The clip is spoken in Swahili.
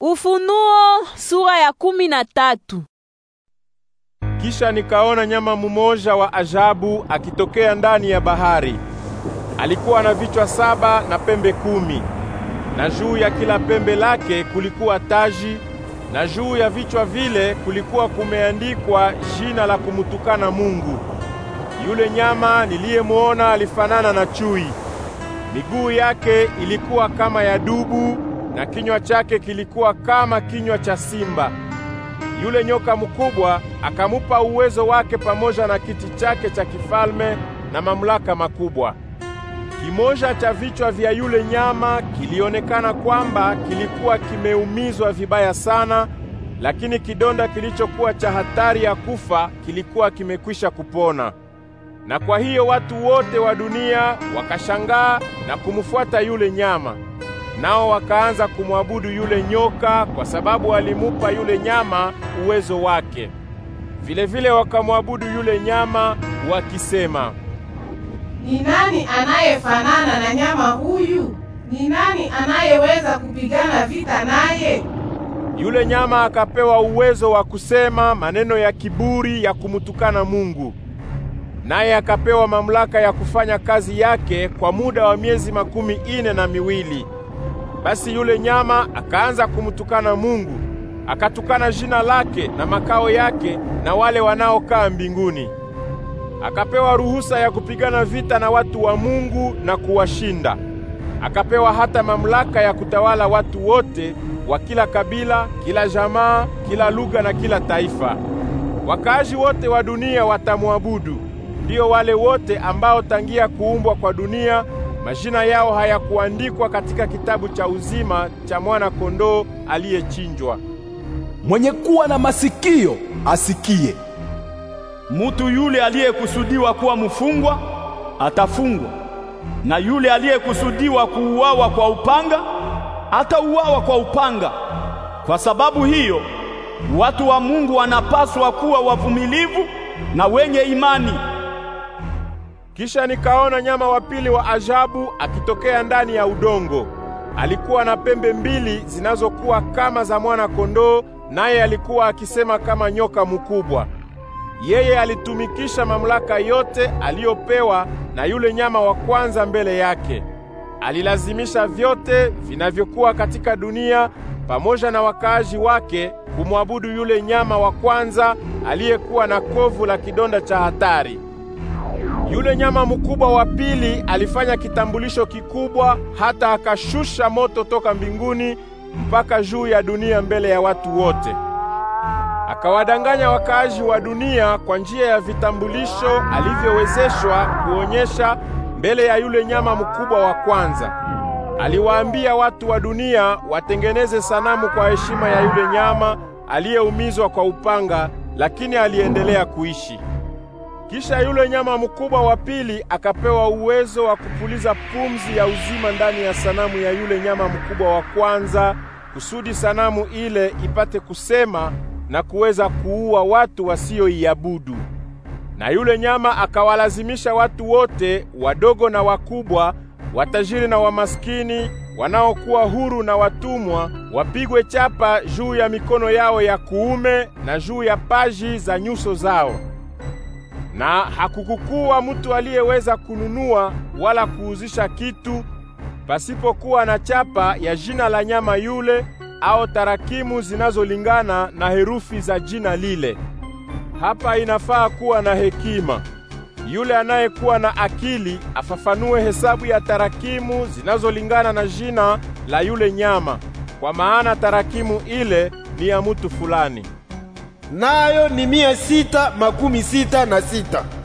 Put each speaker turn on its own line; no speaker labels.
Ufunuo sura ya kumi na tatu. Kisha nikaona nyama mumoja wa ajabu akitokea ndani ya bahari. Alikuwa na vichwa saba na pembe kumi, na juu ya kila pembe lake kulikuwa taji, na juu ya vichwa vile kulikuwa kumeandikwa jina la kumutukana Mungu. Yule nyama niliyemuona alifanana na chui, miguu yake ilikuwa kama ya dubu na kinywa chake kilikuwa kama kinywa cha simba. Yule nyoka mkubwa akamupa uwezo wake pamoja na kiti chake cha kifalme na mamlaka makubwa. Kimoja cha vichwa vya yule nyama kilionekana kwamba kilikuwa kimeumizwa vibaya sana, lakini kidonda kilichokuwa cha hatari ya kufa kilikuwa kimekwisha kupona. Na kwa hiyo watu wote wa dunia wakashangaa na kumfuata yule nyama. Nao wakaanza kumwabudu yule nyoka kwa sababu alimupa yule nyama uwezo wake. Vilevile wakamwabudu yule nyama wakisema, ni nani anayefanana na nyama huyu? Ni nani anayeweza kupigana vita naye? Yule nyama akapewa uwezo wa kusema maneno ya kiburi ya kumtukana Mungu, naye akapewa mamlaka ya kufanya kazi yake kwa muda wa miezi makumi ine na miwili. Basi yule nyama akaanza kumtukana Mungu, akatukana jina lake na makao yake na wale wanaokaa mbinguni. Akapewa ruhusa ya kupigana vita na watu wa Mungu na kuwashinda. Akapewa hata mamlaka ya kutawala watu wote wa kila kabila, kila jamaa, kila lugha na kila taifa. Wakaaji wote wa dunia watamwabudu, ndiyo wale wote ambao tangia kuumbwa kwa dunia Majina yao hayakuandikwa katika kitabu cha uzima cha mwana-kondoo aliyechinjwa. Mwenye kuwa na masikio asikie. Mutu yule aliyekusudiwa kuwa mfungwa atafungwa, na yule aliyekusudiwa kuuawa kwa upanga atauawa kwa upanga. Kwa sababu hiyo, watu wa Mungu wanapaswa kuwa wavumilivu na wenye imani. Kisha nikaona nyama wa pili wa ajabu akitokea ndani ya udongo. Alikuwa na pembe mbili zinazokuwa kama za mwana kondoo, naye alikuwa akisema kama nyoka mkubwa. Yeye alitumikisha mamlaka yote aliyopewa na yule nyama wa kwanza mbele yake. Alilazimisha vyote vinavyokuwa katika dunia pamoja na wakaaji wake kumwabudu yule nyama wa kwanza aliyekuwa na kovu la kidonda cha hatari. Yule nyama mkubwa wa pili alifanya kitambulisho kikubwa, hata akashusha moto toka mbinguni mpaka juu ya dunia mbele ya watu wote. Akawadanganya wakaaji wa dunia kwa njia ya vitambulisho alivyowezeshwa kuonyesha mbele ya yule nyama mkubwa wa kwanza. Aliwaambia watu wa dunia watengeneze sanamu kwa heshima ya yule nyama aliyeumizwa kwa upanga, lakini aliendelea kuishi. Kisha yule nyama mkubwa wa pili akapewa uwezo wa kupuliza pumzi ya uzima ndani ya sanamu ya yule nyama mkubwa wa kwanza, kusudi sanamu ile ipate kusema na kuweza kuua watu wasioiabudu. Na yule nyama akawalazimisha watu wote, wadogo na wakubwa, watajiri na wamaskini, wanaokuwa huru na watumwa, wapigwe chapa juu ya mikono yao ya kuume na juu ya paji za nyuso zao na hakukukuwa mtu aliyeweza kununua wala kuuzisha kitu pasipokuwa na chapa ya jina la nyama yule au tarakimu zinazolingana na herufi za jina lile. Hapa inafaa kuwa na hekima. Yule anayekuwa na akili afafanue hesabu ya tarakimu zinazolingana na jina la yule nyama, kwa maana tarakimu ile ni ya mutu fulani nayo ni mia sita makumi sita na sita.